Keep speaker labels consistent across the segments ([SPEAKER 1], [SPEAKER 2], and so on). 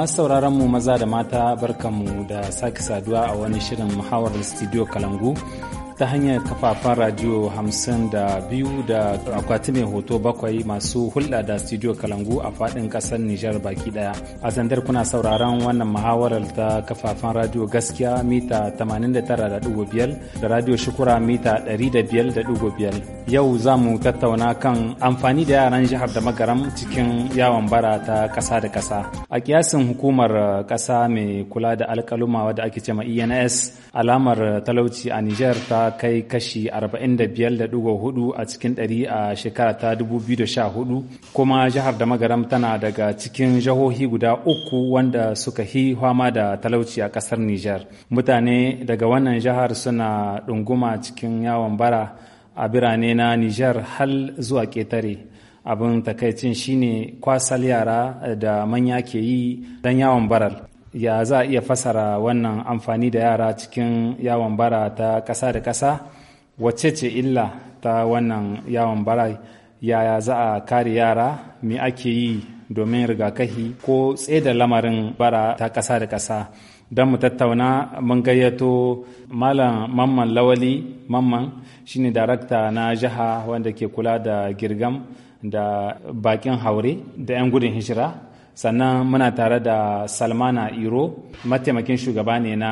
[SPEAKER 1] Masu sauraron mu maza da mata barkanmu da sake saduwa a wani shirin muhawarar studio Kalangu ta hanyar kafafen radio 52 da akwati mai hoto bakwai masu hulɗa da studio kalangu a faɗin ƙasar nijar baki ɗaya a sandar kuna sauraron wannan muhawarar ta kafafen radio gaskiya mita 89.5 da radio shukura mita 105.5 yau za mu tattauna kan amfani da yaran jihar da magaram cikin yawon bara ta ƙasa da ƙasa a kiyasin hukumar ƙasa mai kula da alƙaluma wadda ake cema ens alamar talauci a nijar ta kai kashi 45.4 a cikin ɗari a shekara ta 2014 kuma jihar da magaram tana daga cikin jihohi guda uku wanda suka hi fama da talauci a ƙasar Nijar. Mutane daga wannan jihar suna ɗunguma cikin yawon bara a birane na Nijar hal zuwa ƙetare. abin takaicin shine kwasal yara da manya ke yi don yawon barar. ya za a iya fasara wannan amfani da yara cikin yawon bara ta ƙasa da ƙasa wacce ce illa ta wannan yawon bara yaya za a kare yara me ake yi domin rigakafi ko tseda lamarin bara ta ƙasa da ƙasa don mu tattauna mun gayyato malam mamman lawali mamman shine darakta na jiha wanda ke kula da girgam da bakin haure da 'yan gudun hijira sannan muna tare da salmana iro mataimakin shugaba ne na,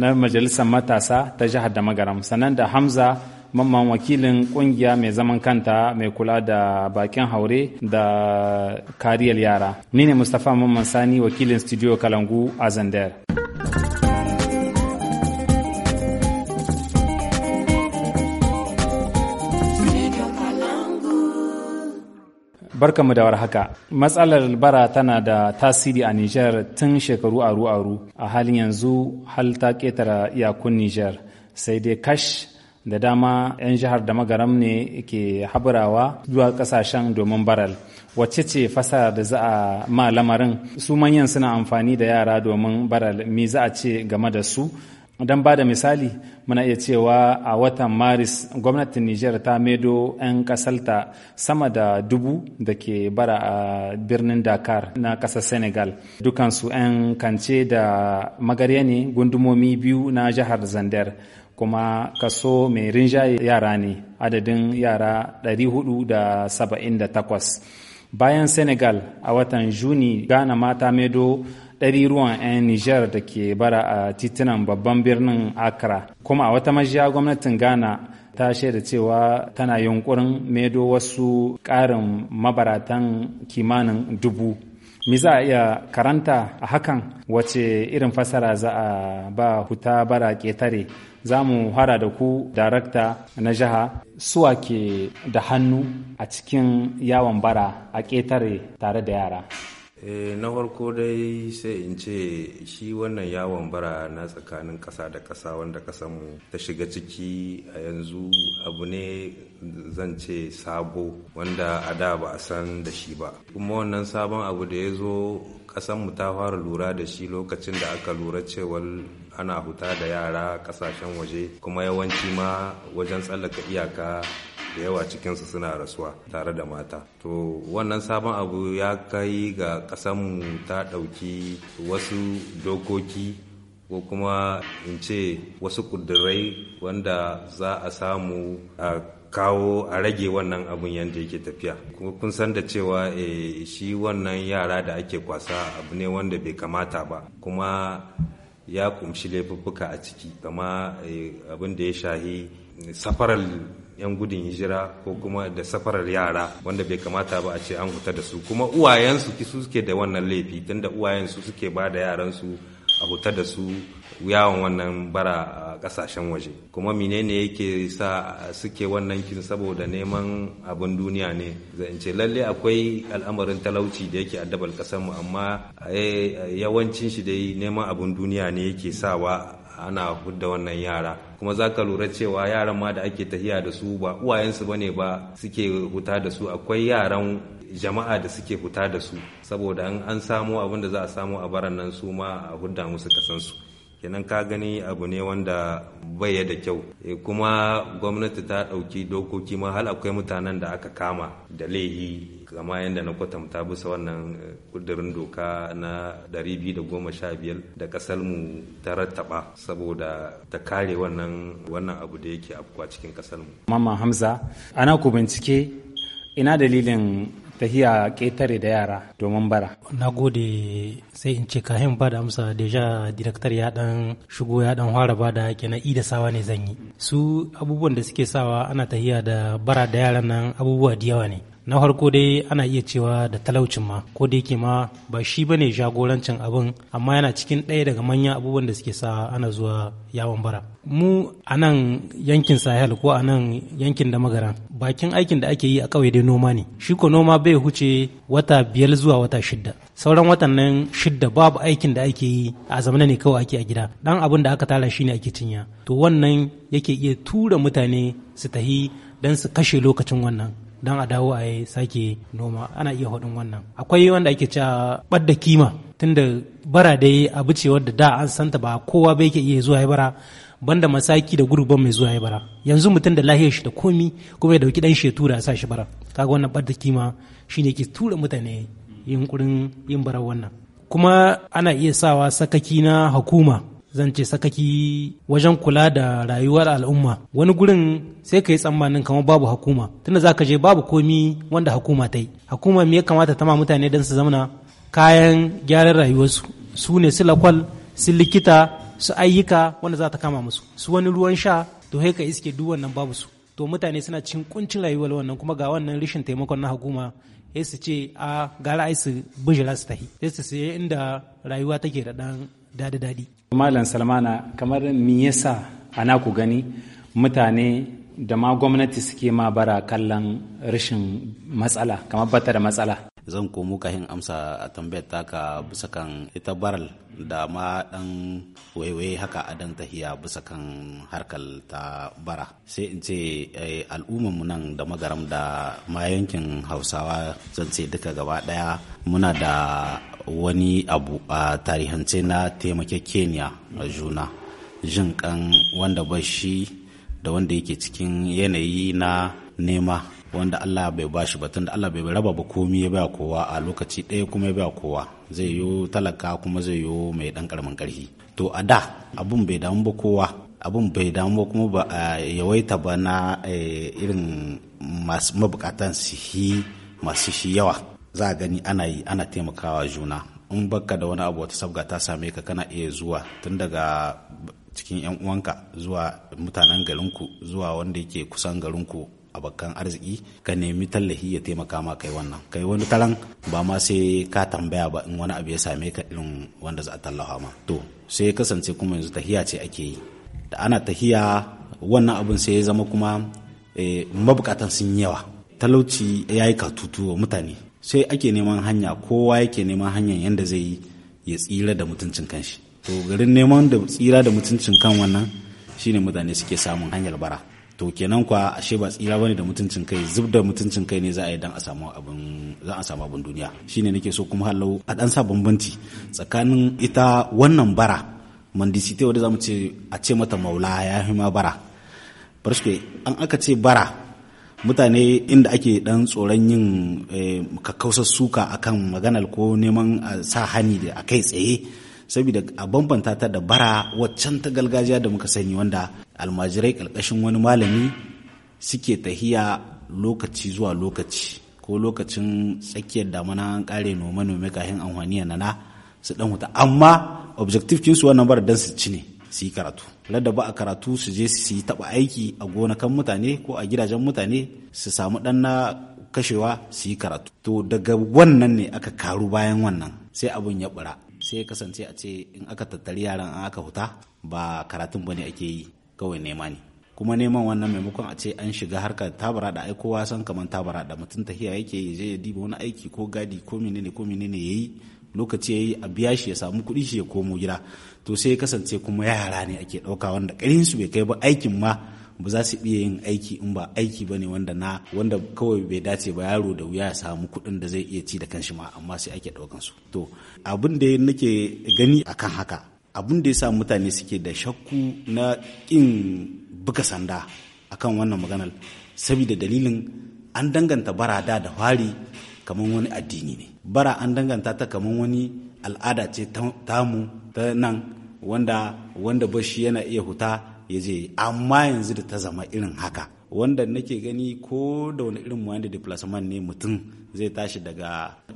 [SPEAKER 1] na majalisar matasa ta jihar da magaram sannan da hamza mamman wakilin kungiya mai zaman kanta mai kula da bakin haure da kariyar yara ni ne mustapha mamman sani wakilin studio kalangu a zandar barka da warhaka. Matsalar bara tana da tasiri a Nijar tun shekaru aru-aru a halin yanzu hal ta ketara iyakun Nijar. Sai dai kash da dama 'yan jihar da magaram ne ke haburawa zuwa kasashen domin baral. Wacce ce fasara da za a ma lamarin? Su manyan suna amfani da yara domin baral, me za a ce game da su? don ba da misali muna iya cewa a watan maris gwamnatin niger ta medo 'yan kasalta sama da dubu da ke bara a birnin dakar na kasar senegal dukansu 'yan kance da magarya ne gundumomi biyu na jihar zander kuma kaso mai rinjaye yara ne adadin yara 478 bayan senegal a watan juni ghana mata medo ɗariruwan 'yan Nijar da ke bara a titunan babban birnin Accra. Kuma a wata majiya gwamnatin Ghana ta shaida cewa tana yunkurin medo wasu ƙarin mabaratan kimanin dubu. mi za a iya karanta a hakan wace irin fasara za a ba huta bara ƙetare za mu hara da ku darakta na jiha suwa ke da hannu a cikin yawon bara a ƙetare tare da yara.
[SPEAKER 2] Eh, na farko dai sai in ce shi wannan yawon bara na tsakanin ƙasa da ƙasa wanda ƙasanmu ta shiga ciki a yanzu abu ne zan ce sabo wanda a da ba a san da shi ba kuma wannan sabon abu da ya zo ƙasanmu ta fara lura da shi lokacin da aka lura cewar ana huta da yara ƙasashen waje kuma yawanci ma wajen tsallaka iyaka da yawa cikinsu suna rasuwa tare da mata to wannan sabon abu ya kai ga ƙasanmu ta ɗauki wasu dokoki ko kuma in ce wasu ƙudurai wanda za a samu a kawo a rage wannan abun yadda yake tafiya kuma kun san da cewa eh, shi wannan yara da ake kwasa abu ne wanda bai kamata ba kuma ya kumshi laifuffuka a ciki kama eh, abin da ya shahi safarar 'yan gudun hijira ko kuma da safarar yara wanda bai kamata ba a ce an huta da su kuma uwayensu su suke da wannan laifi tunda uwayensu suke ba da yaransu a huta da su yawon wannan bara a kasashen waje kuma menene yake sa suke wannan kin saboda neman abin duniya ne zan ce lalle akwai al'amarin talauci da yake addabar kasar mu amma eh, yawancin shi dai neman abin duniya ne yake sawa ana hudda wannan yara kuma za ka lura cewa yaran ma da ake tahiya da su ba uwayensu bane ba suke huta da su akwai yaran jama'a da suke huta da su saboda in an samo abin da za a samo a baran nan su ma a hudda musu kasansu kenan ka gani abu ne wanda bai da kyau eh, kuma gwamnati ta ɗauki dokoki ma hal akwai mutanen da aka kama da laihi kama yadda na kwatanta bisa wannan kudirin eh, doka na 215 da kasar mu ta rattaba saboda ta kare wannan wannan abu da yake afkuwa cikin kasar mu
[SPEAKER 1] mama hamza ana ku bincike ina dalilin tahiya ƙetare da yara domin bara.
[SPEAKER 2] Na gode sai
[SPEAKER 3] in ce kahin ba da amsa deja direktar ya dan shigo ya dan fara ba da na ida sawa ne zan yi. Su abubuwan da suke sawa ana tahiya da bara da yaran nan abubuwa da yawa ne. na farko dai ana iya cewa da talaucin ma ko da yake ma ba shi bane jagorancin abin amma yana cikin ɗaya daga manyan abubuwan da suke sa ana zuwa yawon bara mu a nan yankin sahel ko a nan yankin da magara bakin aikin da ake yi a ƙauye dai noma ne shi ko noma bai huce wata biyar zuwa wata shidda sauran watan nan shidda babu aikin da ake yi a zamanin ne kawai ake a gida dan abin da aka tara shi ne ake cinya to wannan yake iya tura mutane su tahi dan su kashe lokacin wannan don a dawo a yi sake noma ana iya hudun wannan akwai wanda ake cewa ɓadda kima tunda bara dai abu ce wadda da an santa ba kowa bai ke iya zuwa ya bara banda masaki da gurban mai zuwa ya bara yanzu mutum da lahiyar shi da komi kuma ya dauki dan shetu da sa shi bara kaga wannan ɓadda kima shine ke tura mutane Yin kurin yin bara wannan kuma ana iya sawa sakaki na hukuma zan ce sakaki wajen kula da rayuwar al'umma wani gurin sai ka yi tsammanin kamar babu hukuma tunda za ka je babu komi wanda hukuma ta yi hukuma me ya kamata ta ma mutane don su zamana kayan gyaran rayuwarsu su ne su lakwal su likita su ayyuka wanda za ta kama musu su wani ruwan sha to sai ka iske duk wannan babu su to mutane suna cin kuncin rayuwar wannan kuma ga wannan rashin taimakon na hukuma sai su ce a ah, gara ai su bijira su tahi sai su sai inda rayuwa take da dan dadi-dadi.
[SPEAKER 1] Malam Salmana kamar me yasa ana ku gani mutane da ma gwamnati suke ma bara kallon rashin matsala kamar bata da matsala.
[SPEAKER 4] zan komo hin amsa a tambayar taka bisa kan ita baral da ma dan waiwaye haka a dan tahiya bisa kan harkar ta bara sai in ce eh, al'ummar mu nan da magaram da ma yankin hausawa zan ce duka gaba daya muna da wani abu a tarihance na taimake kenya a juna jin kan wanda ba shi da wanda yake cikin yanayi na nema wanda Allah bai bashi ba tunda Allah bai raba ba komi ya ba kowa a lokaci ɗaya kuma ya ba kowa zai yi talaka kuma zai yo mai ɗan karamin ƙarfi to a da abun bai damu ba kowa abun bai damu ba kuma ba yawaita ba na eh, irin masu mabukatan shi masu shi yawa za a gani ana yi ana taimakawa juna in baka da wani abu wata sabga ta same ka kana iya zuwa tun daga cikin 'yan uwanka zuwa mutanen garinku zuwa wanda yake kusan garinku a abokan arziki ka nemi tallafi ya taimaka ma kai wannan kai wani taran ba ma sai ka tambaya ba in wani abu ya same ka irin wanda za a tallafa ma to sai kasance kuma yanzu tahiya ce ake yi da ana tahiya wannan abin sai ya zama kuma eh, mabukatan sun yawa talauci ya yi katutu wa mutane sai ake neman hanya kowa yake neman hanyar yadda zai yi ya tsira da mutuncin kanshi to garin neman da tsira da mutuncin kan wannan shine mutane suke samun hanyar bara to kenan kwa ashe ba tsira bane da mutuncin kai zub da mutuncin kai ne za a yi dan a samu abin za a samu abin duniya shine nake so kuma halau a dan sa bambanci tsakanin ita wannan bara mandisite wanda zamu ce a ce mata maula ya fi ma bara barske an aka ce bara mutane inda ake dan tsoron yin eh, kakkausar suka akan maganar ko neman sa hani da a kai tsaye saboda a bambanta ta da bara waccan ta gargajiya da muka sani wanda almajirai ƙarƙashin wani malami suke tahiya lokaci zuwa lokaci ko lokacin tsakiyar damana an ƙare nome-nome kahin amfani nana su ɗan huta amma objective kinsu wannan bara dan su ci ne su yi karatu ladda ba a karatu su je su yi taɓa aiki a gonakan mutane ko a gidajen mutane su samu ɗan na kashewa su yi karatu to daga wannan ne aka karu bayan wannan sai abin ya bura sai ya kasance a ce in aka tattari yaran an aka huta ba karatun bane ake yi kawai nema ne kuma neman wannan maimakon a ce an shiga harkar tabara da ai kowa san kamar tabara da mutum tahiya yake ya je ya diba wani aiki ko gadi ko menene ko menene yayi lokaci yayi a biya shi ya samu kuɗi shi ya komo gida to sai ya kasance kuma yara ne ake ɗauka wanda ƙarfin su bai kai ba aikin ma ba za su iya yin aiki in ba aiki ba ne wanda na wanda kawai bai dace ba yaro da wuya ya samu kuɗin da zai iya ci da kanshi ma amma sai ake ɗaukan su to abin da nake gani akan haka abin da ya sa mutane suke da shakku na kin buka sanda akan wannan maganar saboda dalilin an danganta barada da fari kamar wani addini ne bara an danganta ta kamar wani al'ada ce tamu ta nan wanda wanda bashi yana iya huta ya je amma yanzu da ta zama irin haka wanda nake gani ko da wani irin muyan da ne mutum zai tashi daga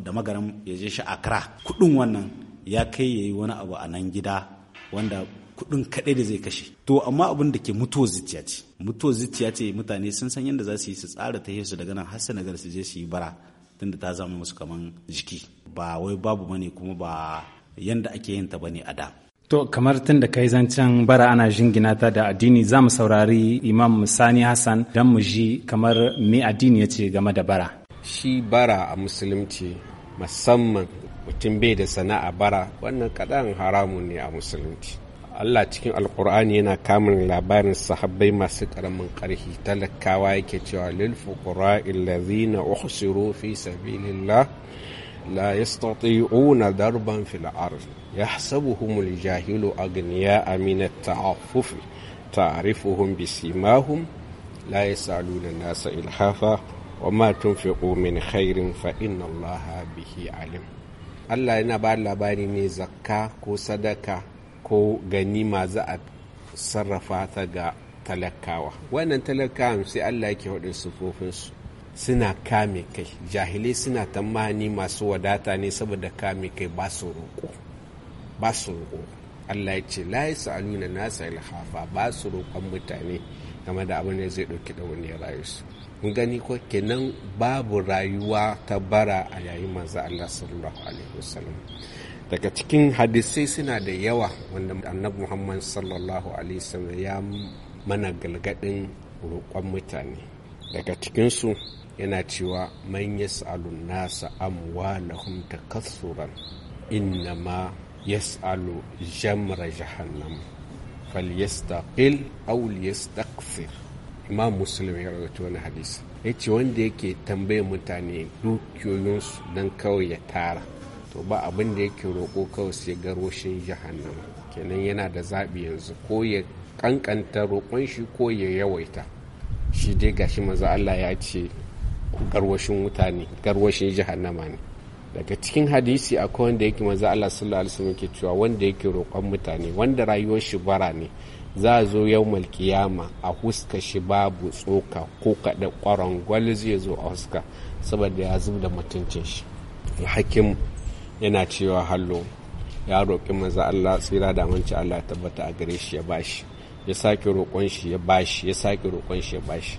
[SPEAKER 4] da magaram ya je shi akra kudin wannan ya kai ya yi wani abu a nan gida wanda kudin kaɗai da zai kashe to amma abin da ke mutuwar zuciya ce mutuwar zuciya ce mutane sun san yadda za su yi su tsara ta su daga nan har nagar su je su yi bara tunda ta zama musu kaman jiki ba wai babu bane kuma ba yanda ake yin ta bane a da
[SPEAKER 1] To kamar tun da kai zancen bara ana jingina ta da addini za mu saurari Imam Sani Hassan don mu ji kamar me addini ya ce game da bara.
[SPEAKER 5] Shi bara a musulunci musamman mutum bai da sana'a bara wannan kaɗan haramu ne a musulunci. Allah cikin alkur'ani yana kamun labarin sahabbai masu karamin karhi talakawa yake cewa lil fuqara allazina uhsiru fi sabilillah لا يستطيعون ضربا في الأرض يحسبهم الجاهل أغنياء من التعفف تعرفهم بسيماهم لا يسألون الناس إلحافا وما تنفقوا من خير فإن الله به علم Allah yana ba labari ne zakka ko sadaka ko ganima za a sarrafa ta ga talakawa wannan talakawa sai Allah yake sufofinsu suna kame kai jahilai suna tamani masu wadata ne saboda kame kai ba su roƙo Allah ya ce la aluna nasa ilhafa ba su roƙon mutane game da abin da zai ɗauki da wani su mun gani ko kenan babu rayuwa ta bara a yayin manzo Allah sallallahu alaihi wasallam daga cikin hadisai suna da yawa wanda annabi Muhammad sallallahu alaihi wasallam ya mana galgadin roƙon mutane daga cikinsu yana cewa man sa’alun nasa inna ma innama yas'alu jamra jahannam falyastaqil aw liyastakfir imam muslim ya rawaito wani hadisi ya ce wanda yake tambaye mutane dukiyoyinsu don kawai ya tara to ba abin da yake roƙo kawai sai garwashin jahannama kenan yana da zaɓi yanzu ko ya kankanta roƙon shi ko ya yawaita shi dai gashi maza Allah ya ce garwashin wuta ne garwashin jahannama ne daga cikin hadisi akwai wanda yake maza Allah sallallahu alaihi wasallam ke cewa wanda yake roƙon mutane wanda rayuwar shi bara ne za a zo yau malkiyama a huska shi babu tsoka ko kaɗa ƙwaron gwal zai zo a huska saboda ya zub da mutuncin shi hakim yana cewa hallo ya roƙi maza Allah tsira da manci Allah tabbata a gare shi ya bashi ya sake roƙon shi ya bashi ya sake roƙon shi ya bashi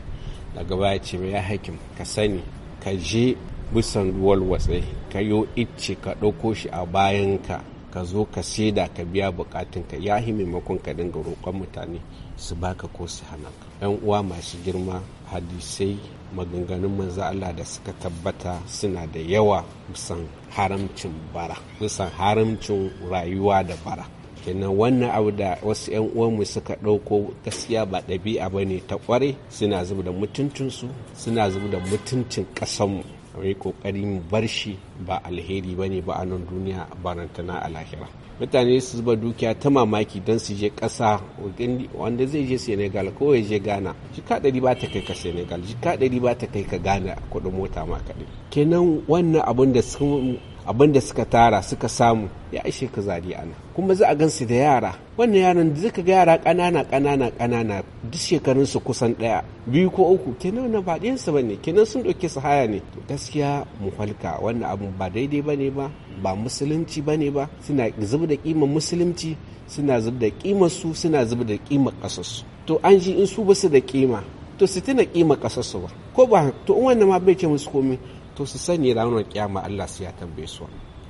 [SPEAKER 5] daga baya ce ya hakim ka sani ka je bisan walwatsai ka yo icce ka ɗauko shi a bayan ka ka zo ka saida ka biya ka ya hi maimakon ka dinga roƙon mutane su baka ko su hana ka yan uwa masu girma hadisai maganganun manzo Allah da suka tabbata suna da yawa bisan haramcin bara bisan haramcin rayuwa da bara kenan wannan abu da wasu 'yan uwanmu suka ɗauko gaskiya ba ɗabi'a ba ne ta ƙware suna zuba da mutuntunsu suna zuba da mutuncin ƙasanmu mai ƙoƙarin bar shi ba alheri ba ne ba a nan duniya barantana a lahira mutane su zuba dukiya ta mamaki don su je ƙasa wanda zai je senegal ko ya je ghana jika ɗari ba ta kai ka senegal jika ɗari ba ta kai ka ghana kuɗin mota ma kaɗai kenan wannan abun da sun abin da suka tara suka samu ya ishe ka zari ana kuma za a gansu da yara wannan yaran da zaka ga yara ƙanana ƙanana ƙanana duk shekarun su kusan ɗaya biyu ko uku kenan na ba ɗayan su bane kenan sun ɗauke su haya ne gaskiya mu falka wannan abu ba daidai bane ba ba musulunci bane ba suna zub da kimar musulunci suna zub da kimar su suna zub da kimar ƙasarsu to an ji in su basu da kima to su tuna kima ƙasarsu ba ko ba to in wannan ma bai ce musu komai to su sani ranar kyama Allah su ya tambaye su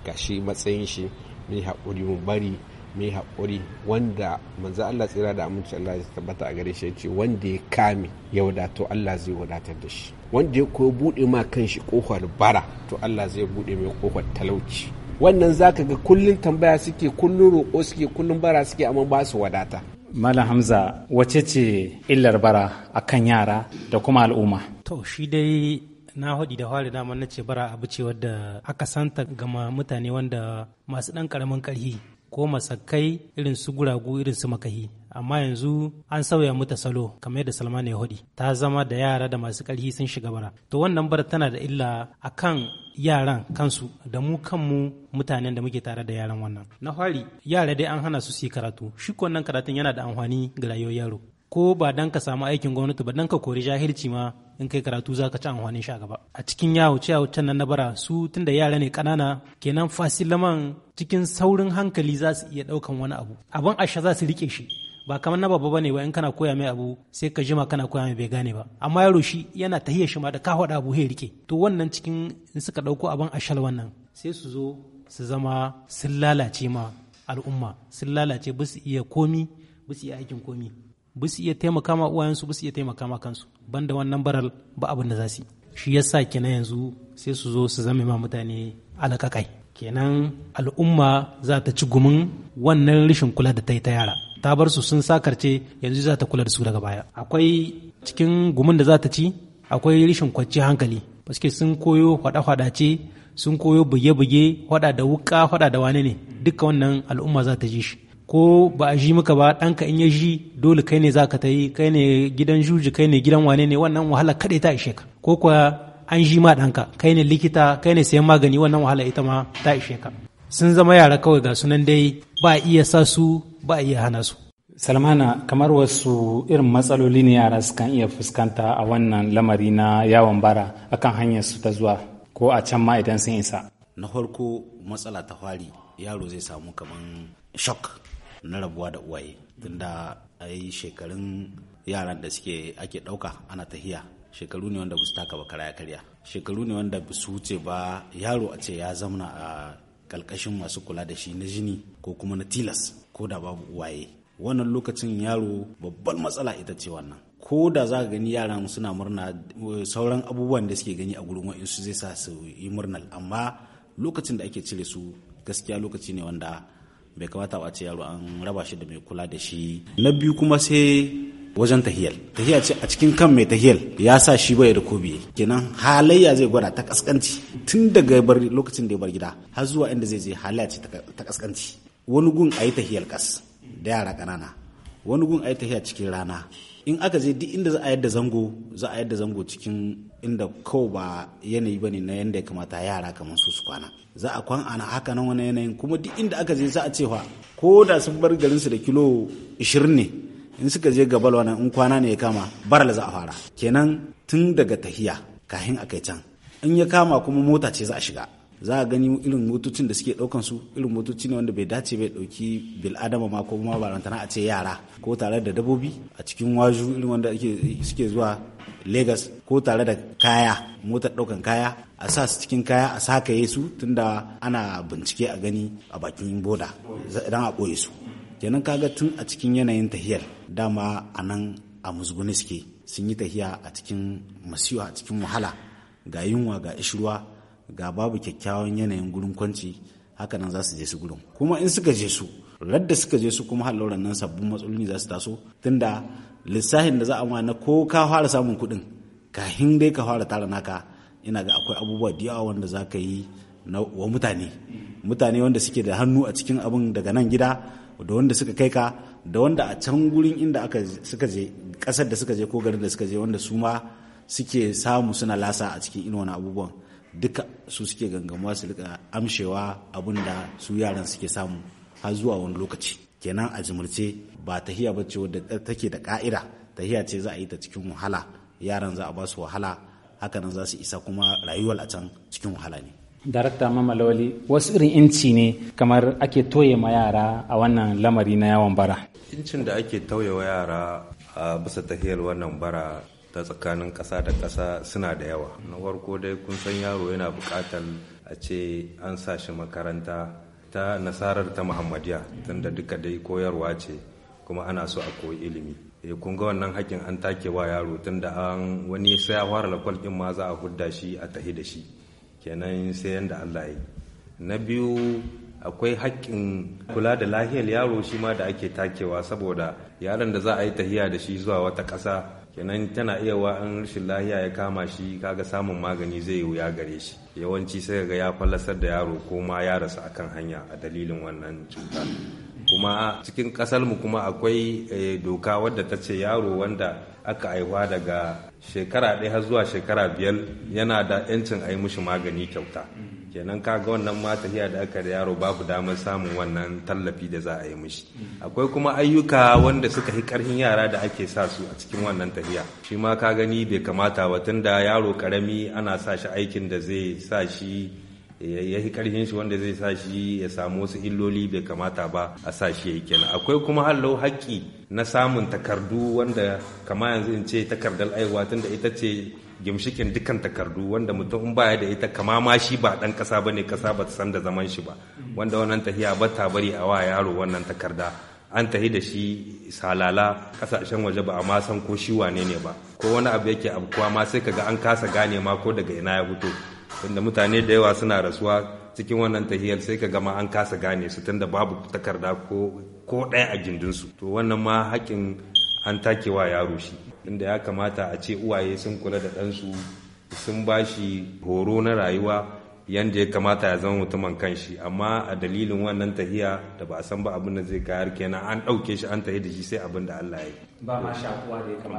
[SPEAKER 5] gashi matsayin shi mai haƙuri mu bari mai haƙuri wanda manzo Allah tsira da aminci Allah ya tabbata a gare shi ce wanda ya kame ya wadato Allah zai wadatar da shi wanda ya koyi buɗe ma kanshi kofar bara to Allah zai buɗe mai kofar talauci wannan zaka ga kullun tambaya suke kullun roƙo suke kullun bara suke amma ba su wadata
[SPEAKER 1] Malam Hamza wace ce illar bara akan yara da kuma al'umma
[SPEAKER 5] to shi dai na hudi da fari dama
[SPEAKER 3] na ce bara abu ce wadda aka santa gama mutane wanda masu ɗan ƙaramin ƙarfi ko masakai irin su guragu irin su makahi amma yanzu an sauya mata salo kamar yadda salman ya hudi ta zama da yara da masu ƙarfi sun shiga bara to wannan bara tana da illa a kan yaran kansu da mu kanmu mutanen da muke tare da yaran wannan na fari yara dai an hana su su karatu shi wannan karatun yana da amfani ga rayuwar yaro ko ba dan ka samu aikin gwamnati ba dan ka kori jahilci ma in kai karatu za ka ci amfanin gaba a cikin yawo ci ya wuce nan na bara su tunda yara ne kanana kenan fasilaman cikin saurin hankali za su iya daukan wani abu abin asha za su rike shi ba kamar na baba bane ba in kana koya mai abu sai ka jima kana koya mai bai gane ba amma yaro shi yana tahiyar shi ma da ka faɗa abu he rike to wannan cikin in suka ɗauko abin ashal wannan sai su zo su zama sun lalace ma al'umma sun lalace ba su iya komi ba su iya aikin komi ba su iya taimaka ma uwayensu ba iya taimaka ma kansu banda wannan baral ba abin da za su shi yasa kenan yanzu sai su zo su zama ma mutane alakakai kenan al'umma za ta ci gumin wannan rashin kula da ta yi ta yara ta bar su sun sakarce yanzu za ta kula da su daga baya akwai cikin gumin da za ta ci akwai rashin kwanci hankali paske sun koyo hwada-hwada ce sun koyo buge-buge hwada da wuka hwada da wane ne duka wannan al'umma za ta ji shi ko ba a ji maka ba ɗanka in ya ji dole kai ne za ka ta yi kai ne gidan juji kai ne gidan wane ne wannan wahala kaɗai ta ishe ka ko kuwa an ji ma ɗanka kai ne likita kai ne sayan magani wannan wahala ita ma ta ishe ka sun zama yara kawai ga sunan dai
[SPEAKER 1] ba a iya sa su ba a iya hana su salmana kamar wasu irin matsaloli ne yara sukan iya fuskanta a wannan lamari na yawon bara akan hanyar su ta zuwa ko a can ma idan sun isa
[SPEAKER 4] na farko matsala ta fari yaro zai samu kaman shock na rabuwa da uwaye tunda a yi shekarun yaran da suke ake ɗauka ana tahiya shekaru ne wanda ba su taka ba karaya karya shekaru ne wanda ba su wuce ba yaro a ce ya zamana a kalkashin masu kula da shi na jini ko kuma na tilas ko da babu uwaye wannan lokacin yaro babban matsala ita ce wannan ko da za ka gani yaran suna murna sauran abubuwan da suke gani a gurin su zai sa su yi murnal amma lokacin da ake cire su gaskiya lokaci ne wanda bai kamata a ce yaro an raba shi da mai kula da shi na biyu kuma sai wajen tahiyal tahiyal ce a cikin kan mai tahiyal ya sa shi bai da kobi kenan halayya zai gwada ta kaskanci tun daga lokacin da ya bar gida har zuwa inda zai je halayya ce ta kaskanci wani gun ayi tahiyal kas da yara kanana wani gun ayi yi tahiyal cikin rana in aka je duk inda za a yadda zango za a yadda zango cikin inda kawai ba yanayi bane na yanda ya kamata yara kamar su su kwana za a kwan ana haka nan wani yanayin kuma duk inda aka je za a cewa ko da sun bar garin su da kilo 20 ne in suka je gabal lawana in kwana ne ya kama baral za a fara kenan tun daga tahiya kahin a kai can in ya kama kuma mota ce za a shiga za a gani irin motocin da suke daukan su irin motoci ne wanda bai dace bai dauki bil adama ma ko kuma barantana a ce yara ko tare da dabobi a cikin waju irin wanda suke zuwa Legas ko tare da kaya motar daukan kaya a sa su cikin kaya a sakaye su tunda ana bincike a gani a bakin boda idan a koye su kenan kaga tun a cikin yanayin tahiyar dama a nan a musguni suke sun yi tahiya a cikin masiwa a cikin wahala ga yunwa ga ishirwa ga babu kyakkyawan yanayin gurin kwanci haka nan za su je su gurin kuma in suka je su radda suka je su kuma halauran nan sabbin matsaloli za su taso tunda lissahin da za a ma na ko ka fara samun kuɗin kahin dai ka fara tara naka ina ga akwai abubuwa da yawa wanda za ka yi wa mutane mutane wanda suke da hannu a cikin abin daga nan gida da wanda suka kai ka da wanda a can gurin inda aka suka je kasar da suka je ko garin da suka je wanda su ma suke samu suna lasa a cikin irin wani abubuwan duka su suke gangamuwa su rika amshewa abun da su yaran suke samu har zuwa wani lokaci kenan a jimurce ba tahiya ba ce wadda take da ka'ida tahiya ce za a yi ta cikin wahala yaran za a ba su wahala hakanan za su isa kuma rayuwar a can cikin wahala ne
[SPEAKER 2] darakta mamaloli
[SPEAKER 1] wasu irin inci ne kamar ake toye ma yara a wannan lamari na yawan bara
[SPEAKER 2] incin da ake tauye wa yara a bisa tahiyar wannan bara ta tsakanin ƙasa da ƙasa suna da yawa na farko dai kun san yaro yana buƙatar a ce an sa shi makaranta ta nasarar ta muhammadiya tunda duka dai koyarwa ce kuma ana so a koyi ilimi e kun ga wannan hakkin an take wa yaro tunda an wani sai ya fara lakwal din ma za a hudda shi a tahi da shi kenan sai yanda Allah ya na biyu akwai hakkin kula da lahiyar yaro shi ma da ake takewa saboda yaron da za a yi tahiya da shi zuwa wata ƙasa kenan tana iya wa an rashin lahiya ya kama shi kaga samun magani zai wuya gare shi yawanci sai ga ya fallasar da yaro ko ma ya rasu akan hanya a dalilin wannan cuta kuma cikin kasar mu kuma akwai eh, doka wadda ta ce yaro wanda aka haihuwa daga shekara ɗaya har zuwa shekara biyar yana da 'yancin a yi mushi magani kyauta kenan kaga wannan ma tafiya da aka da yaro babu damar samun wannan tallafi da za a yi mishi akwai kuma ayyuka wanda suka yi karhin yara da ake sa su a cikin wannan tafiya shi ma ka gani bai kamata ba tun da yaro karami ana sa shi aikin da zai sa shi ya yi karhin shi wanda zai sa shi ya samu wasu illoli bai kamata ba a sa shi ya kenan akwai kuma allo haƙƙi na samun takardu wanda kama yanzu in ce takardar aiwa da ita ce gimshikin dukkan takardu wanda mutum in baya da ita kama ma shi ba dan kasa bane kasa ba ta san da zaman shi ba wanda wannan tahiya ba ta bari a wa yaro wannan takarda an tahi da shi salala kasashen waje ba a ma san ko shi wane ne ba ko wani abu yake abkuwa ma sai kaga an kasa gane ma ko daga ina ya fito tunda mutane da yawa suna rasuwa cikin wannan tahiyar sai ka ma an kasa gane su tunda babu takarda ko ɗaya a gindinsu to wannan ma haƙƙin an take wa yaro shi inda ya kamata a ce uwaye sun kula da ɗansu sun ba shi horo na rayuwa yadda ya kamata ya zama mutumin kanshi amma a dalilin wannan tahiya da ba a san ba abin da zai kayar kenan an ɗauke shi an tahi da shi sai abin da Allah ya yi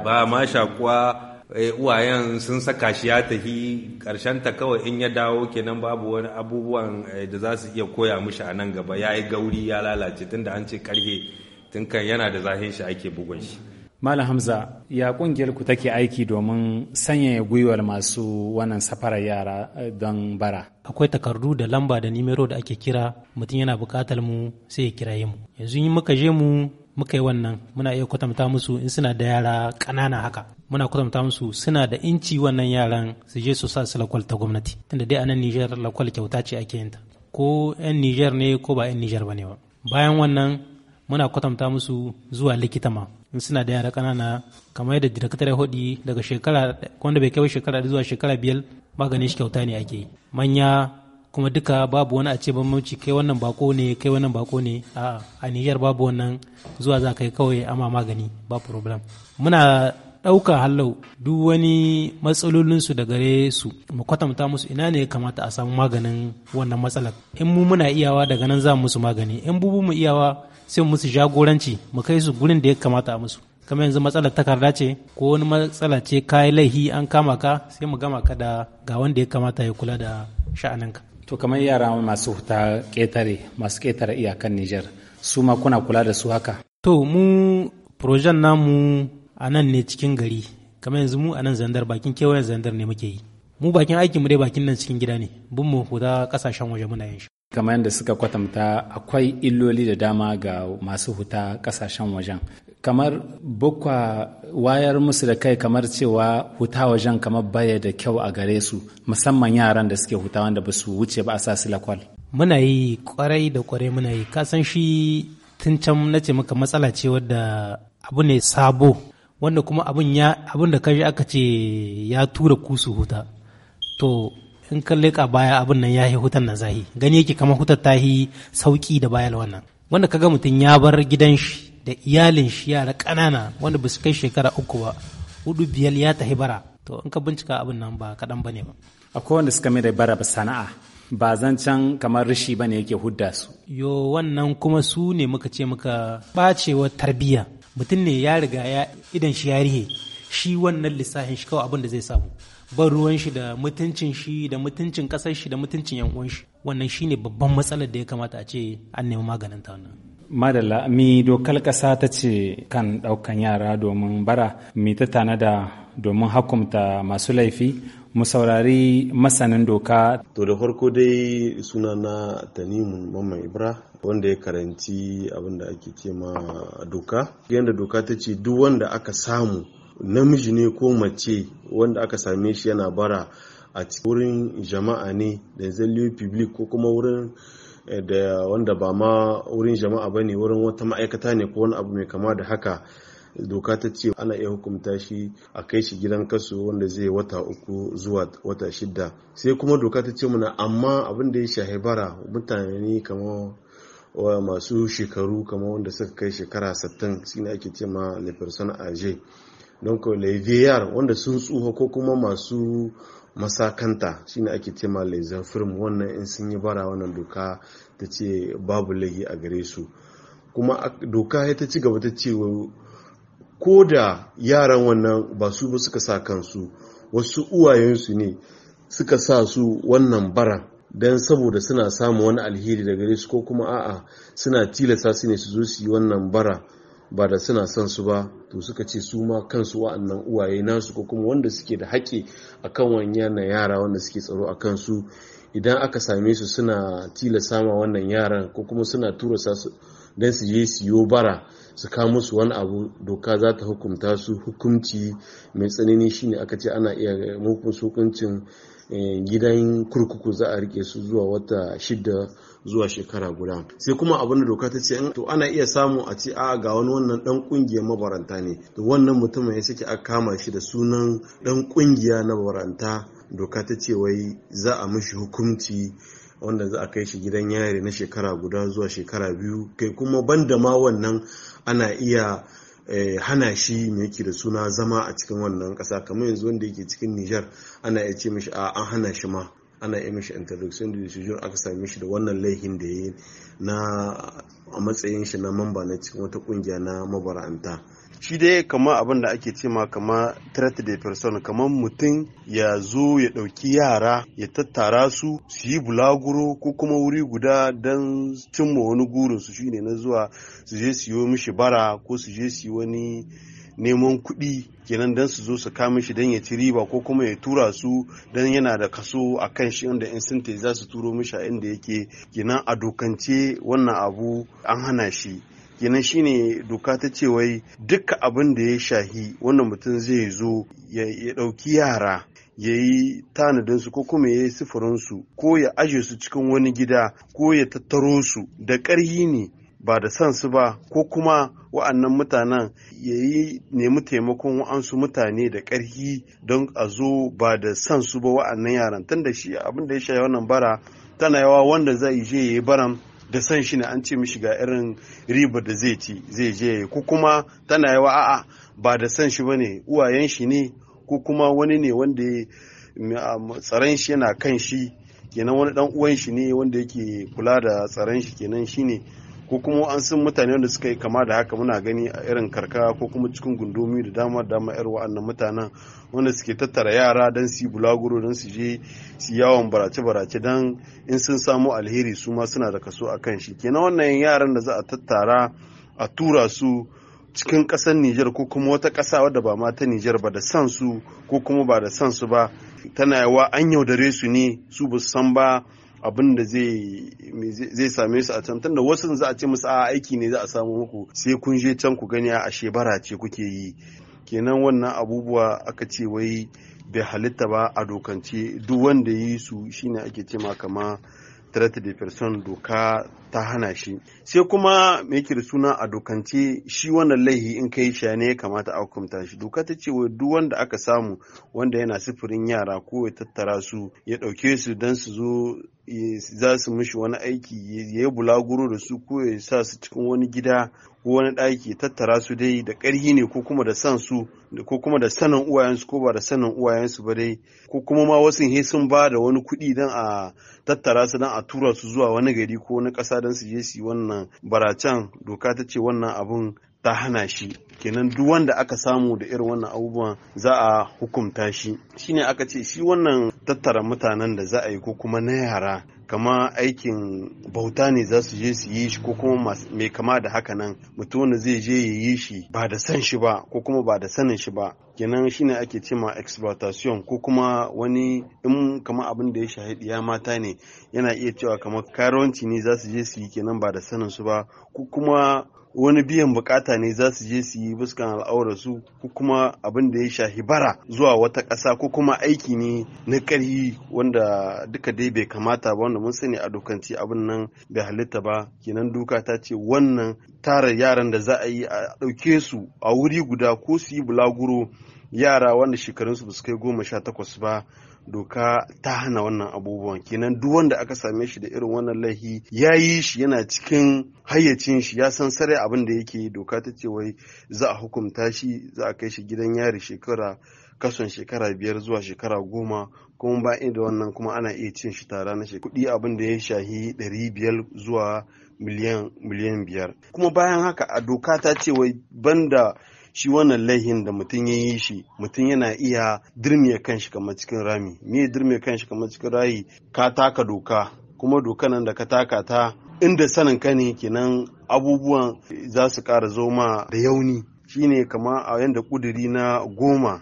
[SPEAKER 2] ba ma shakuwa da eh, uwayen sun saka shi ya tahi ƙarshen ta kawai in ya dawo kenan babu wani abubuwan eh, da za su iya koya mishi a nan gaba ya yi gauri ya lalace tunda an ce karhe tun kan yana da zahin shi ake bugun shi
[SPEAKER 1] Malam Hamza, ya kungiyar ku take aiki domin sanyaya gwiwar masu wannan safarar yara eh, don bara?
[SPEAKER 3] Akwai takardu da lamba da nimero da ake kira mutum yana bukatar mu sai ya kiraye mu. Yanzu yi muka je mu muka yi wannan muna iya kwatanta musu in suna da yara ƙanana haka. Muna kwatanta musu suna da inci wannan yaran su je su sa su lakwal ta gwamnati. Tunda dai a nan Nijar lakwal kyauta ce ake ta. Ko 'yan Nijar ne ko ba 'yan Nijar ba ne ba. Bayan wannan muna kwatanta musu zuwa likita ma in suna da yara ƙanana kamar yadda dakatar hudi daga shekara wanda bai kai shekara zuwa shekara biyar maganin shi kyauta ne ake manya kuma duka babu wani a ce bambanci kai wannan bako ne kai wannan bako ne a a babu wannan zuwa za kai kawai amma magani ba problem muna ɗauka hallau duk wani matsalolinsu da gare su mu kwatanta musu ina ne kamata a samu maganin wannan matsalar in mu muna iyawa daga nan za mu musu magani in bubu mu iyawa sai musu jagoranci mu kai su gurin da ya kamata a musu kamar yanzu matsalar takarda ce ko wani matsala ce kayi laihi an kama ka sai mu gama ka da ga wanda ya kamata ya kula da
[SPEAKER 1] sha'aninka to kamar yara masu huta ketare masu ketare iyakan Nijar su ma kuna kula da su haka
[SPEAKER 3] to mu projen namu a nan ne cikin gari kamar yanzu mu a nan zandar bakin kewayen zandar ne muke yi mu bakin aikin mu dai bakin nan cikin gida ne bin mu huta kasashen waje muna yin shi
[SPEAKER 1] kamar yadda suka kwatanta akwai illoli da dama ga masu huta kasashen wajen kamar bukwa wayar musu da kai kamar cewa huta wajen kamar baya da kyau a gare su musamman yaran da suke huta wanda ba su wuce ba a sa su lakwal
[SPEAKER 3] muna yi kwarai da kwarai muna yi kasan shi tun can na ce maka matsala ce wadda abu ne sabo wanda kuma abun da kashi aka ce ya tura kusu huta to in ka leƙa baya abin nan ya yi hutar na zahi gani yake kamar hutar ta yi sauki da bayan wannan wanda kaga mutum ya bar gidan shi da iyalin shi yara ƙanana wanda ba su kai shekara uku ba hudu biyar ya tahi bara to in ka bincika abin nan ba kaɗan ba ne ba
[SPEAKER 1] akwai wanda suka mai da bara ba sana'a ba zancen kamar rishi ba ne yake hudda su
[SPEAKER 3] yo wannan kuma su ne muka ce muka bacewa tarbiyya mutum ne ya riga ya idan shi ya rihe shi wannan lissafin shi kawai abin da zai samu ban ruwan shi da mutuncin shi da mutuncin kasar shi da mutuncin yan uwan shi wannan shine babban matsalar da ya kamata a ce an nemi maganin ta wannan
[SPEAKER 1] madalla mi dokar kasa ta ce kan daukan yara domin bara mi ta da domin hakumta masu laifi mu saurari masanin doka.
[SPEAKER 6] To da farko dai suna na Tanimu Mamman Ibra wanda ya karanci abin da ake ce ma doka. Yadda doka ta ce duk wanda aka samu namiji ne ko mace wanda aka same shi yana bara a wurin jama'a ne da zalliyo public ko kuma wurin eh, da wanda ba ma wurin jama'a ba ne wurin wata ma'aikata ne ko wani abu mai kama da haka doka ta ce ana iya hukunta shi a kai shi gidan kasu wanda zai wata uku zuwa wata shida sai kuma doka ta ce mana amma abin da ya shahi bara mutane ne kamar masu shekaru kamar wanda suka kai shekara 60 ne ake ce ma le personne don kawai var wanda sun tsuha ko kuma masu masakanta shine ake cema laizan firm wannan in sun yi bara wannan doka ta ce babu laihi a gare su kuma doka ta ci gaba ta ce ko da yaran wannan ba su ba suka sa kansu wasu uwayensu ne suka sa su wannan bara don saboda suna samun wani alheri daga gare su ko kuma a'a suna tilasta su ne su zo su yi wannan bara ba da suna son su ba to suka ce su ma kansu wa'annan uwaye nasu ko kuma wanda suke da haƙƙi akan wanya na yara wanda suke tsaro a kansu idan aka same su suna tilasama wannan yaran ko kuma suna tura su don su je siyo bara su kawo musu wani abu doka za ta hukunta su hukunci mai tsanani shine aka ce ana iya hukuncin eh, gidan kurkuku za a rike su zuwa wata shida zuwa shekara guda sai kuma abin da doka ta ce to ana iya samu a ce a ga wani wannan dan kungiyar mabaranta ne to wannan mutumin ya sake aka kama shi da sunan dan kungiya na mabaranta doka ta ce wai za a mishi hukunci wanda za a kai shi gidan yari na shekara guda zuwa shekara biyu kai kuma banda ma wannan ana iya eh, hana shi mai yake da suna zama a cikin wannan ƙasa kamar yanzu wanda yake cikin Nijar ana iya ce mishi a an hana shi ma ana yi mishi introduction da decision aka same shi da wannan laihin da ya na a matsayin shi na mamba na cikin wata kungiya na mabara'anta shi dai kama abin da ake cema kama threat da person kamar mutum ya zo ya dauki yara ya tattara su su yi bulaguro ko kuma wuri guda don cimma wani gurin su shine na zuwa su je su yi mishi bara ko su je su yi wani neman kuɗi kenan don su zo su kama shi don ya ci riba ko kuma ya tura su don yana da kaso a kan shi inda in sun za su turo mishi a inda yake kenan a dokance wannan abu an hana shi kenan shine doka ta ce wai duka abin da ya shahi wannan mutum zai zo ya ɗauki yara ya yi tanadinsu ko kuma ya yi sufurinsu ko ya aje su cikin wani gida ko ya tattaro su da ƙarhi ne ba da san su ba ko kuma wa'annan mutanen ya yi nemi taimakon wa'ansu mutane da ƙarfi don a zo ba da san su ba wa'annan yaran tun da shi abin da ya shaye wannan bara tana yawa wanda zai je ya yi baran da san shi ne an ce mishi ga irin riba da zai ci zai je ko kuma tana yawa a'a ba da san shi ne. uwayen shi ne ko kuma wani ne wanda um, tsaron shi yana kan shi kenan wani dan uwan shi ne wanda yake kula da tsaron shi kenan shine ko kuma an san mutane da suka yi kama da haka muna gani a irin karka ko kuma cikin gundumi da dama dama yar wa'annan mutanen wanda suke tattara yara don su bulaguro don su je su yawon barace-barace don in sun samu alheri su ma suna da kaso a kan shi kenan wannan yaran da za a tattara a tura su cikin ƙasar Nijar ko kuma wata ƙasa wadda ba ma ta Nijar ba da san su ko kuma ba da san su ba tana yawa an yaudare su ne su ba san ba abin da zai same su a can tunda wasu za a ce musu a aiki ne za a samu muku sai kun je can ku gani a shebara ce kuke yi kenan wannan abubuwa aka ce wai bai halitta ba a dokance duk wanda yi su shine ake ce ma kama threat de person doka ta hana shi sai kuma me yake da suna a dokance shi wannan laihi in kai shi ne ya kamata a hukunta shi doka ta ce wai duk wanda aka samu wanda yana sifirin yara ko ya tattara su ya dauke su dan su zo za su mishi wani aiki ya yi bulaguro da su ko ya sa su cikin wani gida ko wani ɗaki tattara su dai da ƙarhi ne ko kuma da san su ko kuma da sanin uwayensu ko ba da sanin uwayensu ba dai ko kuma ma wasu he sun ba da wani kuɗi don a tattara su don a tura su zuwa wani gari ko wani ƙasa don su je su wannan baracan doka ta ce wannan abun ta hana shi kenan duk wanda aka samu da irin wannan abubuwan za a hukunta shi shine aka ce shi wannan tattara mutanen da za a yi ko kuma na yara kama aikin bauta ne za su je su yi shi ko kuma mai kama da haka nan mutum zai je ya yi shi ba da san shi ba ko kuma ba da sanin shi ba kenan shine ake ce ma exploitation ko kuma wani in kama abin da ya shahidi ya mata ne yana iya cewa kamar karuwanci ne za su je su yi kenan ba da sanin su ba ko kuma wani biyan bukata ne za su je su yi buskan al'aura su ko kuma abin da ya shahi bara zuwa wata ƙasa ko kuma aiki ne na ƙarhi wanda duka dai bai kamata ba wanda mun sani a dokanci abin nan bai halitta ba kenan duka ta ce wannan tara yaran da za a yi a ɗauke su a wuri guda ko su yi bulaguro yara wanda shekarunsu ba su kai goma sha takwas ba doka ta hana wannan abubuwan kenan duk wanda aka same shi da irin wannan laihi ya yi shi yana cikin hayyacin shi ya san sare abin da yake doka ta ce wai za a hukunta shi za a kai shi gidan yari shekara kason shekara biyar zuwa shekara goma kuma ba inda wannan kuma ana iya cin shi tara na shekaru. kuɗi abin da ya shahi ɗari biyar zuwa miliyan biyar kuma bayan haka a doka ta ce wai banda shi wannan laihin da mutum ya yi shi mutum yana iya dirmiya kanshi kamar cikin rami me dirmiya kanshi kamar cikin rayi ka taka doka kuma doka nan da ka taka ta inda sanin ka ne kenan abubuwan za su ƙara zo ma da yauni shine kama a yanda kuduri na goma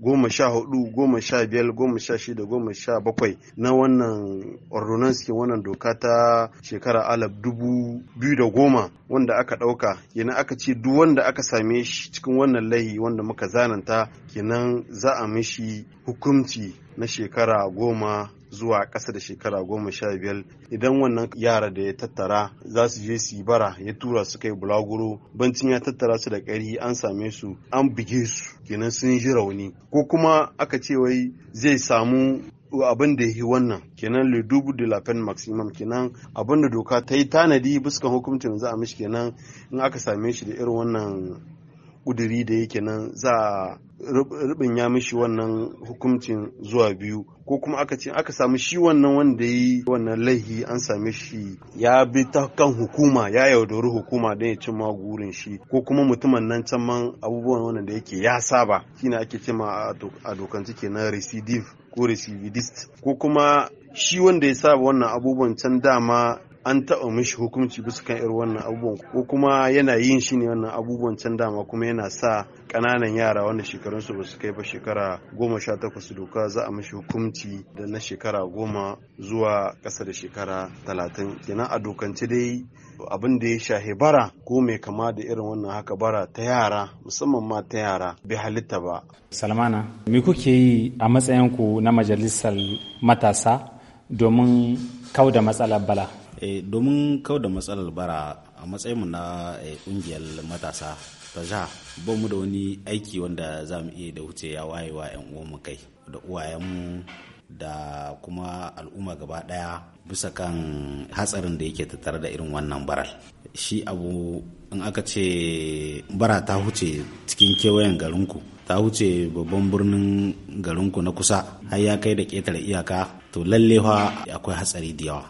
[SPEAKER 6] goma sha hudu goma sha biyar goma sha shida goma sha bakwai na wannan ordonance wannan doka ta shekara alaf dubu biyu da goma wanda aka ɗauka kenan aka ce duk wanda aka same shi cikin wannan lahi wanda muka zananta kenan za a mishi hukunci na shekara goma zuwa ƙasa da shekara goma sha biyar idan wannan yara da ya tattara za su je su yi bara ya tura su kai bulaguro bancin ya tattara su da ƙari an same su an bige su kenan sun ji rauni ko kuma aka ce wai zai samu abin da yi wannan kenan le dubu de la peine maximum kenan abin da doka ta yi tanadi buskan hukuncin za a mishi kenan in aka same shi da irin wannan kuduri da yake nan za rubinya ya mishi wannan hukuncin zuwa biyu ko kuma aka ce aka samu shi wannan wanda yi wannan laihi an same shi ya bi ta kan hukuma ya yaudari hukuma don ya cimma gurin shi ko kuma mutumin nan can man abubuwan wannan da yake ya saba shine ake cema a dokance na recidive ko recidivist ko kuma shi wanda ya saba wannan abubuwan can dama an taɓa mishi hukunci bisa kan irin wannan abubuwan ko kuma yana yin shi ne wannan abubuwan can dama kuma yana sa ƙananan yara wanda shekarunsu ba su kai ba shekara goma sha takwas doka za a mishi hukunci da na shekara goma zuwa ƙasa da shekara talatin kenan a dokance dai abin da ya shahe bara ko mai kama da irin wannan haka bara ta yara musamman ma ta yara bai halitta ba.
[SPEAKER 1] Salmana, me kuke yi a matsayinku na majalisar matasa domin kau da matsalar bala?
[SPEAKER 4] Eh, domin kau da matsalar bara a matsayin mu na kungiyar eh, matasa ta ja ba mu da wani aiki wanda za mu iya da wuce ya wa 'yan uwanmu kai da uwayenmu da kuma al'umma gaba daya bisa kan hatsarin da yake tattare da irin wannan baral shi abu in aka ce bara ta huce cikin kewayen garinku ta huce babban birnin garinku na kusa har ya kai da ketare iyaka to lallewa akwai hatsari da yawa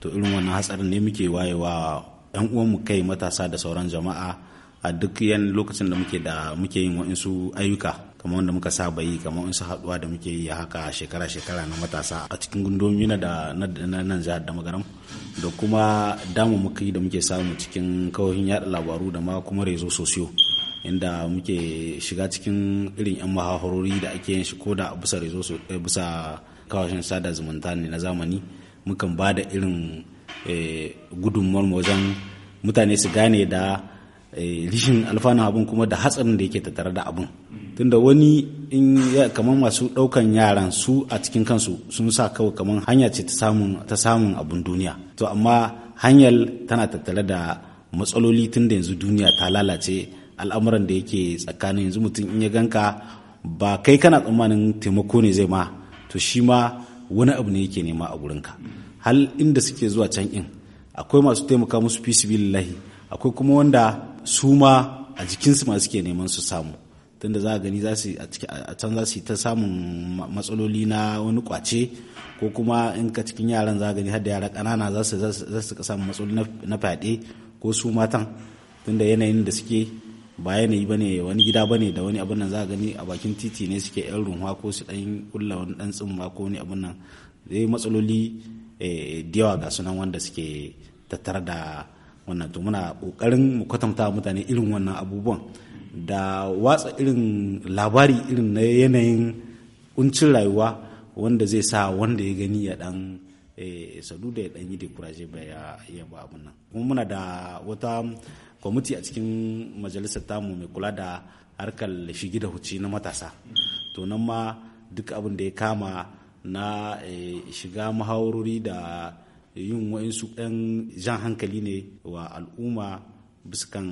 [SPEAKER 4] to irin wannan hatsarin ne muke wayewa yan uwanmu kai matasa da sauran jama'a a duk yan lokacin da muke da muke yin wa'insu ayyuka kamar wanda muka saba yi kamar wa'insu haduwa da muke yi haka shekara-shekara na matasa a cikin gundomi na da nan jihar da magaram da kuma yi da muke samu cikin kawahin yada labaru da ma kuma rezo sosiyo inda muke shiga cikin irin yan mahawarori da ake yin shi ko da bisa rezo eh, bisa kawashin sada zumunta ne na zamani mukan ba da irin eh, gudunmuwar wajen mutane su gane da eh, rishin alfanu abin kuma da hatsarin da yake tattare da abin tunda wani in ya kamar masu ɗaukan yaran su a cikin kansu sun sa kawai kamar hanya ce ta samun abin duniya to amma hanyar tana tattare da matsaloli tunda yanzu duniya ta lalace al'amuran da yake tsakanin yanzu mutum in ya ganka ba kai kana tsammanin taimako ne zai ma to shi ma wani abu ne yake nema a gurinka hal inda suke zuwa can in akwai masu taimaka musu fi sibilillahi akwai kuma wanda su ma a jikinsu ma suke neman su samu tunda za a gani a can za su yi ta samun matsaloli na wani kwace ko kuma in ka cikin yaran za a gani har da yara ƙanana za su ka samun matsaloli na fyaɗe ko su matan tunda yanayin da suke ba yanayi bane wani gida bane da wani abin nan za gani a bakin titi ne suke yan runwa ko su dan kulla wani dan tsumma ko wani abin nan zai matsaloli eh, da ga sunan wanda suke tattara da wannan to muna kokarin mu kwatanta mutane irin wannan abubuwan da watsa irin labari irin na yanayin kuncin rayuwa wanda zai sa wanda ya gani ya dan eh, sadu da ya dan yi da kuraje ba ya ba abin nan kuma muna da wata kwamiti a cikin majalisar tamu mai kula da harkar shigi da huci na matasa to nan ma duk abin da ya kama na eh, shiga muhawarori da yin waɗansu 'yan jan hankali ne wa al'umma bisa kan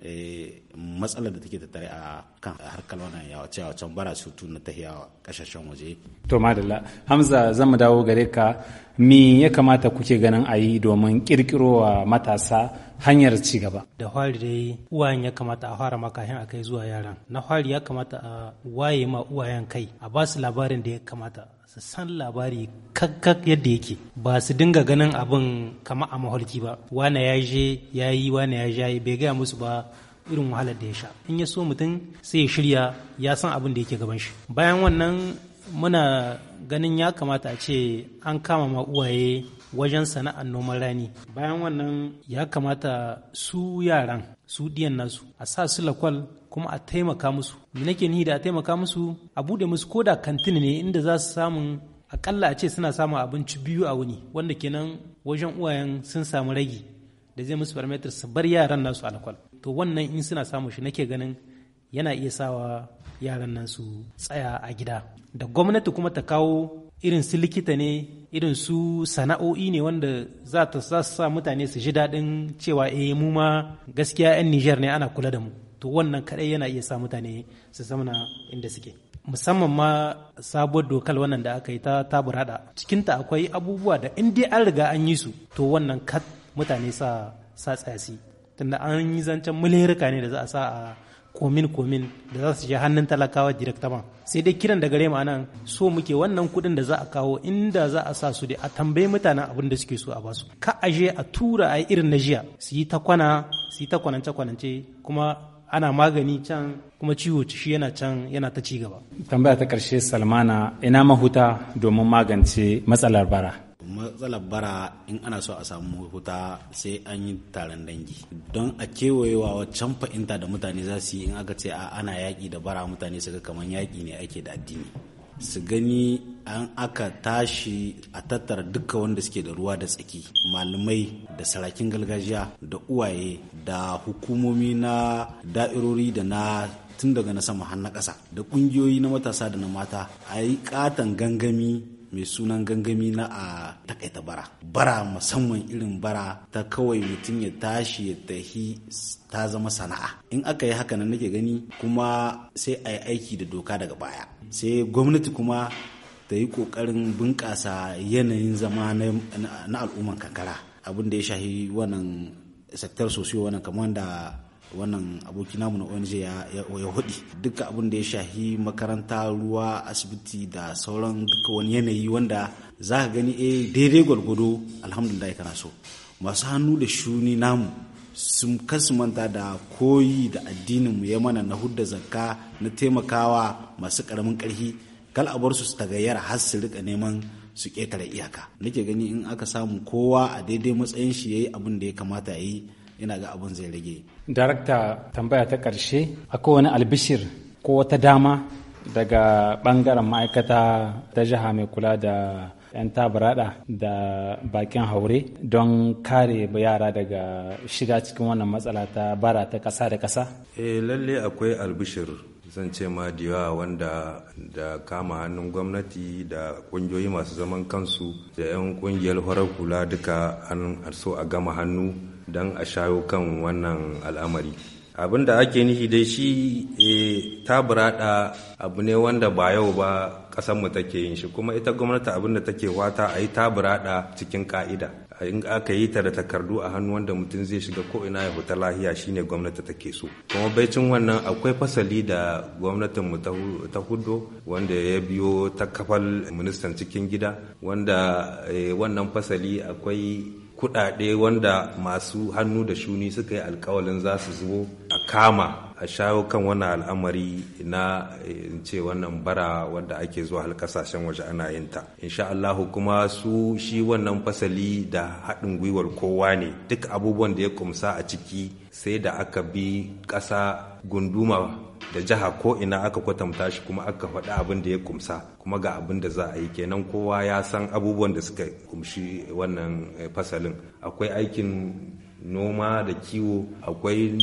[SPEAKER 4] eh, matsalar da take tattare a kan harkar wannan yawace yawacen bara sutu ta tahiya kasashen waje.
[SPEAKER 1] To madalla Hamza zan mu dawo gare ka me ya kamata kuke ganin a yi domin kirkirowa matasa hanyar ci gaba.
[SPEAKER 3] Da fari dai uwayen ya kamata a fara makahin a kai zuwa yaran. Na fari ya kamata a waye ma uwayen kai a ba su labarin da ya kamata su san labari kakkak yadda yake ba su dinga ganin abin kama a maholki ba wane ya je ya yi wane ya je bai gaya musu ba irin wahalar da ya sha in ya so mutum sai ya shirya ya san abin da yake gaban shi bayan wannan muna ganin ya kamata a ce an kama ma uwaye wajen sana'ar noman rani bayan wannan ya kamata su yaran su diyan nasu a sa su lakwal kuma a taimaka musu me nake ni da a taimaka musu a bude musu ko da kantin ne inda za su samu akalla a ce suna samun abinci biyu a wuni wanda kenan wajen uwayen sun samu ragi da zai musu parameter su bar yaran nasu alkwal to wannan in suna samu shi nake ganin yana iya sawa yaran nan tsaya a gida da gwamnati kuma ta kawo irin su likita ne irin su sana'o'i ne wanda za ta sa mutane su ji daɗin cewa eh mu ma gaskiya 'yan Nijar ne ana kula da mu to wannan kaɗai yana iya sa mutane su zamana inda suke musamman ma sabuwar dokar wannan da aka yi ta cikin cikinta akwai abubuwa da in dai an riga an yi su to wannan kat mutane sa sa tsasi tunda an yi zancen mulherika ne da za a sa a komin komin da za su je hannun talakawa ma sai dai kiran da gare nan so muke wannan kuɗin da za a kawo inda za a sa su da a tambayi mutanen abin da suke so a basu ka aje a tura a irin na jiya su yi ta kwana su yi ta kwanance kwanance kuma ana magani can kuma ciwo shi yana can yana ta ci gaba
[SPEAKER 1] tambaya ta karshe salmana ina mahuta domin magance matsalar bara
[SPEAKER 4] matsalar bara in ana so a samu mahuta sai an yi taron dangi don a kewayewa can fahimta da mutane za su yi in aka ce a ana yaƙi da bara mutane suka kamar yaƙi ne ake da addini su gani an aka tashi a tattara duka wanda suke da ruwa da tsaki malamai da sarakin gargajiya da uwaye da hukumomi na da'irori da na tun daga na sama har na ƙasa da ƙungiyoyi na matasa da na mata a yi ƙaton gangami mai sunan gangami na a takaita bara bara musamman irin bara ta kawai mutum ya tashi ya tahi ta zama sana'a in aka yi haka nan nake gani kuma sai a yi aiki da doka daga baya sai gwamnati kuma ta yi kokarin bunƙasa yanayin zama na al'umman kankara abin da ya shahi wannan sektar sosiyo wannan kamar da wannan aboki namu na ONG ya hudi duka abin da ya shahi makaranta ruwa asibiti da sauran duka wani yanayi wanda za ka gani eh daidai gwargwado alhamdulillah kana so masu hannu da shuni namu sun manta da koyi da addinin mu ya mana na hudda zakka na taimakawa masu karamin karfi kal a barsu su su tagayyar har su rika neman su ketare iyaka nake gani in aka samu kowa a daidai matsayin shi yayi abin da ya kamata yayi ina ga abun zai rage
[SPEAKER 1] darakta tambaya ta ƙarshe akwai wani albishir ko wata dama daga ɓangaren ma'aikata ta jiha mai kula da 'yan tabarada da bakin haure don kare yara daga shiga cikin wannan matsala ta bara ta ƙasa da ƙasa?
[SPEAKER 2] eh lalle akwai albishir zan ce ma diwa wanda da kama hannun gwamnati da ƙungiyoyi masu zaman kansu da 'yan ƙungiyar farar kula duka an so a gama hannu don a shayo kan wannan al'amari abin da ake nufi dai shi e, eh, burada abu ne wanda ba yau ba mu take yin shi kuma ita gwamnati abin da take wata a yi burada cikin ka'ida in aka yi ta da takardu a hannu wanda mutum zai shiga ko ina ya fita lahiya shine gwamnati take so kuma baicin wannan akwai fasali da gwamnatin mu ta hudo wanda ya biyo ta kafal ministan cikin gida wanda eh, wannan fasali akwai kuɗaɗe wanda masu hannu da shuni suka yi alkawalin za su zo a kama a shawo kan wannan al'amari na eh, ce wannan bara wadda ake zuwa har kasashen waje ana yin ta insha Allah kuma su shi wannan fasali da haɗin gwiwar kowa ne duk abubuwan da ya kumsa a ciki sai da aka bi ƙasa gunduma da jiha ko ina aka kwatanta shi kuma aka faɗi abin da ya kumsa kuma ga abin da za a yi kenan kowa ya san abubuwan da suka kumshi wannan eh, fasalin akwai aikin noma da kiwo akwai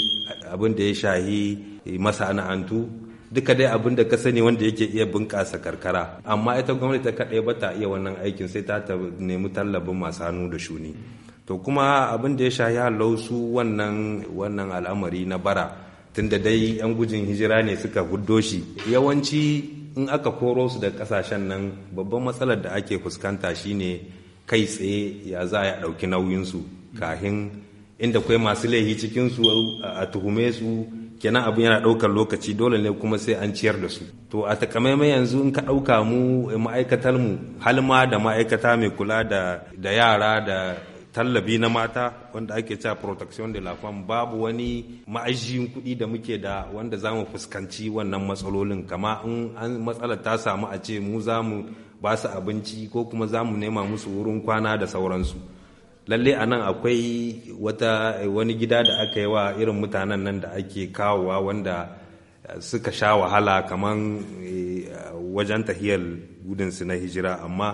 [SPEAKER 2] abin da ya shahi eh, masana'antu duka dai abin da ka sani wanda yake iya bunƙasa karkara amma ita gwamnati ta kaɗai ba ta iya wannan aikin sai ta nemi tallafin masu hannu da shuni to kuma abin da ya shahi halau su wannan al'amari na bara tunda dai 'yan gujin hijira ne suka guddo shi yawanci in aka koro su da kasashen nan babban matsalar da ake fuskanta shine kai tsaye ya za a ɗauki nauyinsu kahin inda kwai masu laihi cikinsu a tuhume su kenan abin yana ɗaukar lokaci dole ne kuma sai an ciyar da su to a takamaiman yanzu in ka ɗauka mu ma'aikatar mu halma da ma'aikata mai kula da yara da tallabi na mata wanda ake cewa protection de la femme babu wani ma'ajiyin kuɗi da muke da wanda za mu fuskanci wannan matsalolin kama in an matsalar ta samu a ce mu za mu ba su abinci ko kuma za mu nema musu wurin kwana da sauransu lalle a nan akwai wata wani gida da aka yi wa irin mutanen nan da ake kawowa wanda suka sha wahala kamar eh, wajen tahiyar gudunsu na hijira amma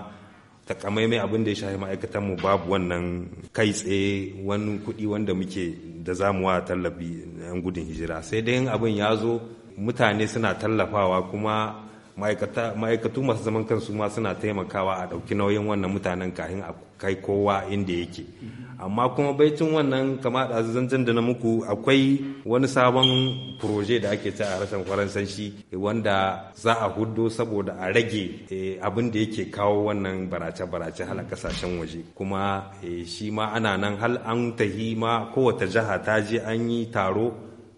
[SPEAKER 2] takamaimai abin da ya shafi ma'aikatan mu babu wannan kai tsaye wani kuɗi wanda muke da zamuwa tallafi yan gudun hijira sai dai abin ya zo mutane suna tallafawa kuma ma'aikatu masu zaman kansu ma suna taimakawa a ɗauki nauyin wannan mutanen kahin a kai kowa inda yake amma kuma baicin wannan kama da zanzan da na muku akwai wani sabon proje da ake ta a rashin faransanci wanda za a hudo saboda a rage eh, abin da yake kawo wannan barace-barace hala kasashen waje kuma eh, shi ma ana nan hal an tahi ma kowace jiha ta je an yi taro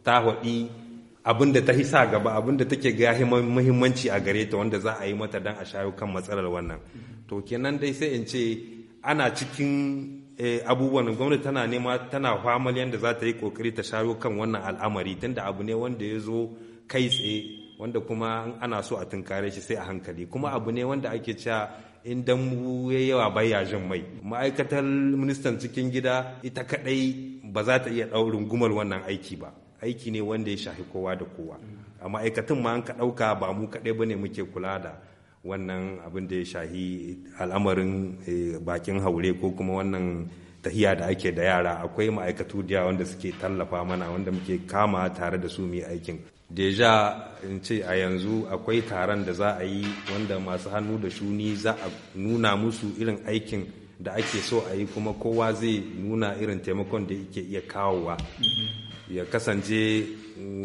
[SPEAKER 2] ta haɗi abin da ta hisa gaba abin da take ga muhimmanci a gare ta wanda za a yi mata don a shayo kan matsalar wannan to kenan dai sai in ce ana cikin eh, abubuwan gwamnati tana nema tana famal yadda za ta yi kokari ta shayo kan wannan al'amari tunda abu ne wanda ya zo kai tsaye wanda kuma ana so a tunkare shi sai a hankali kuma abu ne wanda ake cewa in dambu ya yawa baya jin mai ma'aikatar ministan cikin gida ita kadai ba za ta iya ɗaurin gumar wannan aiki ba aiki ne wanda ya shafi kowa da kowa a ma'aikatan ma an ka ɗauka ba mu kaɗai ba ne muke kula da wannan abin da ya shahi al'amarin eh, bakin haure ko kuma wannan tahiya da ake da yara akwai ma'aikatu da wanda suke tallafa mana wanda muke kama tare da su mai aikin deja in ce a yanzu akwai taron da za a yi wanda masu hannu da shuni za a nuna musu irin aikin da ake so a yi kuma kowa zai nuna irin taimakon da yake iya kawowa ya kasance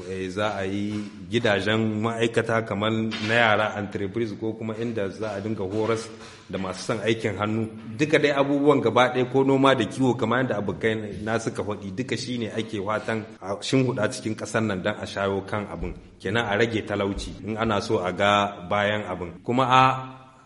[SPEAKER 2] eh, za a yi gidajen ma'aikata kamar na yara entreprise ko kuma inda za a dinga horas da masu son aikin hannu duka dai abubuwan gaba ɗaya ko noma da kiwo kamar yadda abokai na suka faɗi duka shine ake watan a shinguda cikin ƙasar nan don a shayo kan abin kenan a rage talauci in ana so a ga bayan abin kuma a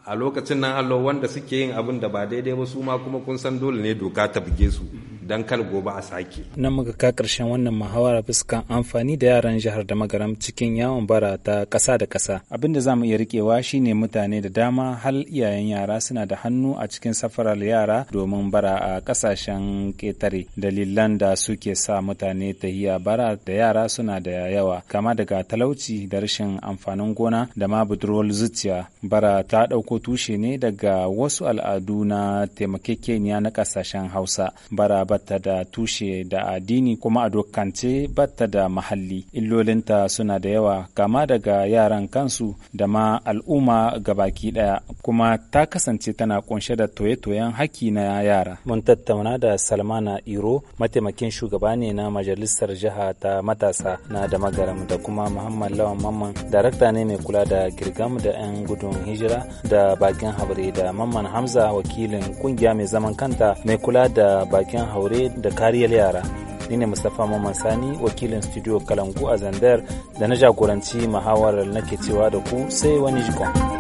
[SPEAKER 2] a lokacin nan allo wanda suke yin abin da ba daidai ba su ma kuma kun san dole ne doka ta buge su don kal gobe a sake.
[SPEAKER 1] Nan muka ka karshen wannan muhawara fuskan amfani da yaran jihar da magaram cikin yawon bara ta ƙasa da ƙasa. Abin da za mu iya riƙewa ne mutane da dama hal iyayen yara suna da hannu a cikin safarar yara domin bara a ƙasashen ƙetare. Dalilan da suke sa mutane ta hiya bara da yara suna da yawa kama daga talauci da rashin amfanin gona da ma budurwar zuciya. Bara ta ɗauko tushe ne daga wasu al'adu na taimakekeniya na ƙasashen Hausa. Bara ba. batta da tushe da addini kuma a dokance bata da mahalli illolinta suna da yawa kama daga yaran kansu da ma al'umma gabaki daya kuma ta kasance tana kunshe da toye-toyen haki na yara mun tattauna da salmana iro mataimakin shugaba ne na majalisar jiha ta matasa na da magaram da kuma muhammad lawan mamman darakta ne mai kula da girgam da 'yan gudun hijira da bakin habre da mamman hamza wakilin kungiya mai zaman kanta mai kula da bakin haure aure da kariyar yara ni ne mustapha mamman sani wakilin studio kalangu a zandar da na jagoranci muhawarar nake cewa da ku sai wani jikon.